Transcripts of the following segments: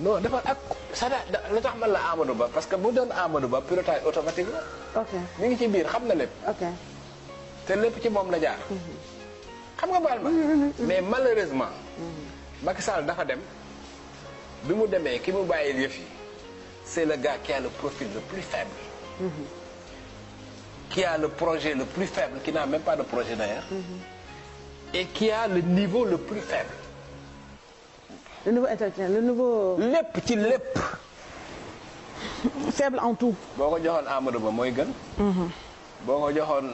non dafa ak ça la tax man la Amadou Ba parce que bu doon Amadou Ba pilotage automatique la. ok mi ngi ci biir xam na lépp. ok te lépp ci moom la jaar. Mhm. xam nga baal ma. Mhm, mhm, mais malheureusement. Macky Sall dafa dem bi mu demee ki mu bàyyi yëf yi c'est le gars qui a le profil le plus faible. qui a le projet le plus faible qui n'a même pas de projet d'ailleurs. et qui a le niveau le plus faible le nouveau entretien le nouveau. lépp ci lep, faible en tout. boo ko joxoon Amadou Ba mooy gën. Mhm. boo ko joxoon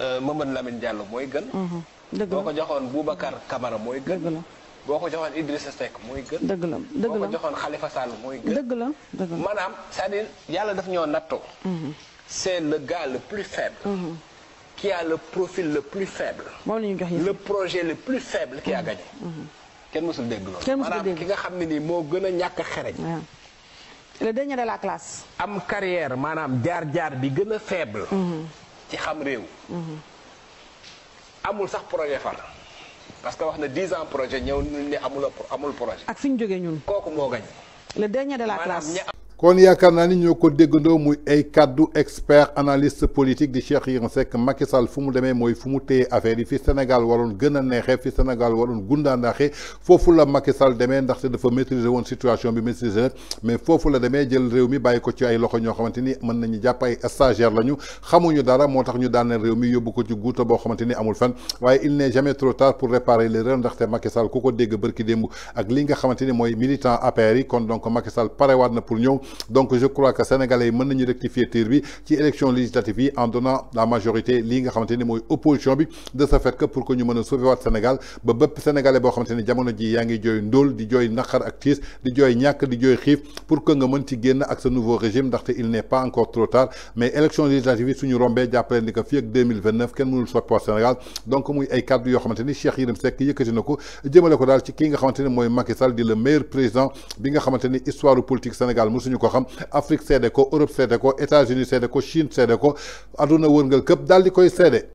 euh, Mamad Lamine Diallo mooy gën. Mhm. dëgg la boo ko joxoon Boubacar Camara mooy gën. dëgg la boo ko Idrissa Seck mooy gën. dëgg la dëgg la boo ko Khalifa Sall mooy gën. dëgg la dëgg la c'est-à-dire yàlla daf ñoo Nato, mhm. c'est le gars le plus faible. qui a le profil le plus faible. le projet le plus faible qui a gagné. kenn mësul dégg loolu. kenn mësul ki nga xam ni nii moo gën a ñàkk a xereñ. le dernier de la classe. am carrière maanaam jaar jaar bi gën a faible. Mm-hmm. ci xam réew. Mm-hmm. amul sax projet far. parce que wax na 10 ans projet ñëw ñu ne amul amul projet. ak fi ñu jógee ñun. kooku moo gañ. le dernier de la classe kon yaakaar naa ni ñoo ko déggandoo muy ay kaddu expert analyste politique di Cheikh Yérim Seck Macky Sall fu mu demee mooy fu mu téye affaire yi fi Sénégal waroon gën a neexee fi Sénégal waroon gundaandaaxee foofu la Macky Sall demee ndaxte dafa maîtriser woon situation bi maîtriser mais foofu la demee jël réew mi bàyyi ko ci ay loxo ñoo xamante ni mën nañu jàpp ay stagiaire lañu xamuñu dara moo tax ñu daaneel réew mi yóbbu ko ci guuta boo xamante ni amul fan waaye il n'est jamais trop tard pour réparer l'erreur ndaxte Macky Sall ku ko dégg bërki démb ak li nga xamante ni mooy militant APR yi kon donc Macky Sall parewaat na pour ñëw donc je crois que sénégalais yi mën nañu rectifier tir bi ci élection législative yi en donnant la majorité li nga xamanteni moy opposition bi de ce fait que pour que ñu mëna sauver waat Sénégal ba bëpp sénégalais bo xamanteni jamono ji yaa ngi jooy ndóol di joy nakar ak tiis di joy ñak di joy xif pour que nga mën ci génn ak sa nouveau régime ndaxte il n'est pas encore trop tard mais élection législative suñu rombé jàppaleen ni que fii ak 2029 ken mënul soppi Sénégal donc muy ay cadre yo xamanteni Cheikh yirim Seck yëkëti nako jëmele ko dal ci ki nga xamanteni moy mooy Macky Sall di le meilleur président bi nga xamanteni histoire politique Sénégal mosuñu ko xam Afrique seede ko Europe seede ko États-Unis seede ko Chine seede ko àdduna wërngal këpp daal di koy seede